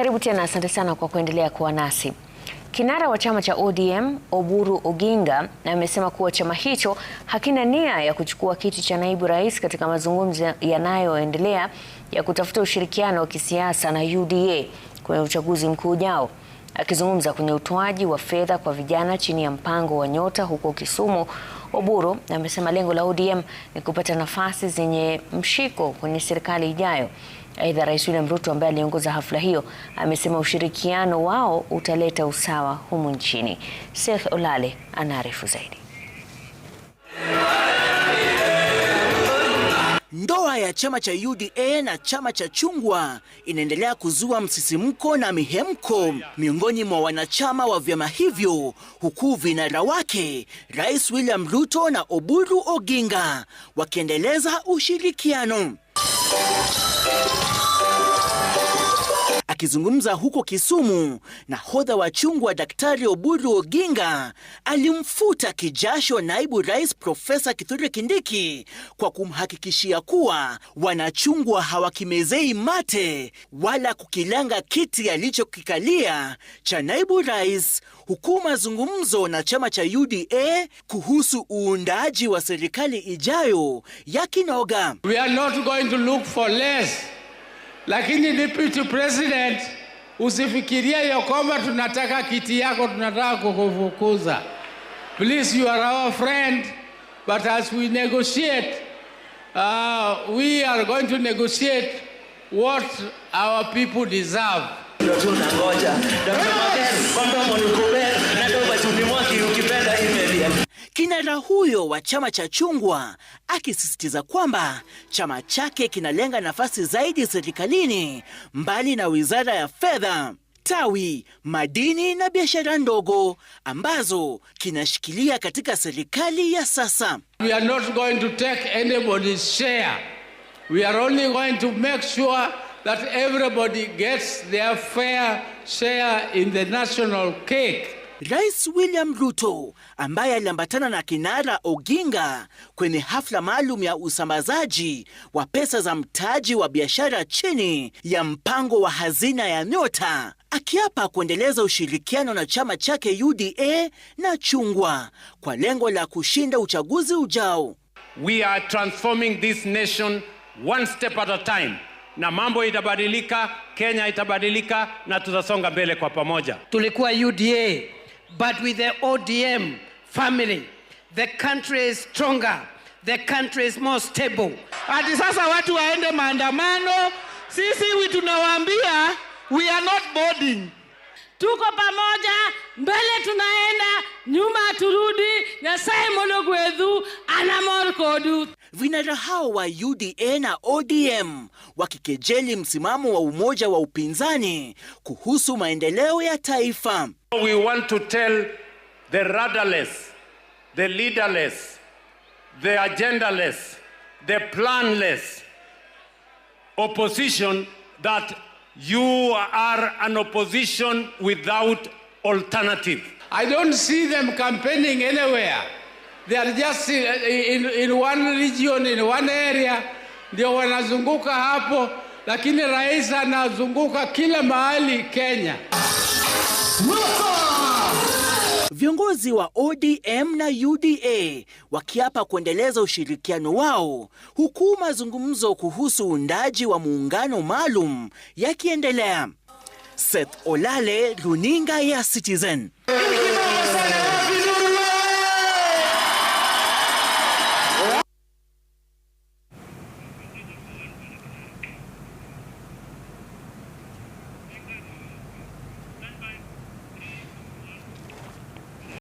Karibu tena, asante sana kwa kuendelea kuwa nasi. Kinara wa chama cha ODM Oburu Oginga amesema kuwa chama hicho hakina nia ya kuchukua kiti cha naibu rais katika mazungumzo yanayoendelea ya kutafuta ushirikiano wa kisiasa na UDA kwenye uchaguzi mkuu ujao. Akizungumza kwenye utoaji wa fedha kwa vijana chini ya mpango wa Nyota huko Kisumu, Oburu amesema lengo la ODM ni kupata nafasi zenye mshiko kwenye serikali ijayo. Aidha, Rais William Ruto ambaye aliongoza hafla hiyo amesema ushirikiano wao utaleta usawa humu nchini. Sheikh Olale anaarifu zaidi. Ndoa ya chama cha UDA na chama cha chungwa inaendelea kuzua msisimko na mihemko miongoni mwa wanachama wa vyama hivyo, huku vinara wake Rais William Ruto na Oburu Oginga wakiendeleza ushirikiano Thank you. Akizungumza huko Kisumu, nahodha wa chungwa Daktari Oburu Oginga alimfuta kijasho naibu rais Profesa Kithure Kindiki kwa kumhakikishia kuwa wanachungwa hawakimezei mate wala kukilanga kiti alichokikalia cha naibu rais, huku mazungumzo na chama cha UDA kuhusu uundaji wa serikali ijayo yakinoga. We are not going to look for less. Lakini deputy president, usifikirie ya kwamba tunataka kiti yako, tunataka kukufukuza. Please, you are our friend, but as we negotiate uh, we are going to negotiate what our people deserve. Kinara huyo wa chama cha chungwa akisisitiza kwamba chama chake kinalenga nafasi zaidi serikalini mbali na wizara ya fedha, tawi, madini na biashara ndogo ambazo kinashikilia katika serikali ya sasa. We are not going to take anybody's share. We are only going to make sure that everybody gets their fair share in the national cake. Rais William Ruto ambaye aliambatana na kinara Oginga kwenye hafla maalum ya usambazaji wa pesa za mtaji wa biashara chini ya mpango wa hazina ya Nyota, akiapa kuendeleza ushirikiano na chama chake UDA na Chungwa kwa lengo la kushinda uchaguzi ujao. We are transforming this nation one step at a time na mambo itabadilika, Kenya itabadilika na tutasonga mbele kwa pamoja. Tulikuwa UDA But with the ODM family, the country is stronger, the country is more stable. Ati sasa watu waende maandamano, sisi tunawaambia we are not boarding. Tuko pamoja, mbele tunaenda, nyuma turudi. Nyasaye Mwono gwethu ana anamol kodu. Vinara hao wa UDA na ODM wakikejeli msimamo wa umoja wa upinzani kuhusu maendeleo ya taifa. We want to tell the rudderless, the leaderless, the agendaless, the planless opposition that you are an opposition without alternative. I don't see them campaigning anywhere they are just in, in one region, in one area, ndio wanazunguka hapo, lakini rais anazunguka kila mahali Kenya. Viongozi wa ODM na UDA wakiapa kuendeleza ushirikiano wao huku mazungumzo kuhusu uundaji wa muungano maalum yakiendelea. Seth Olale, Runinga ya Citizen.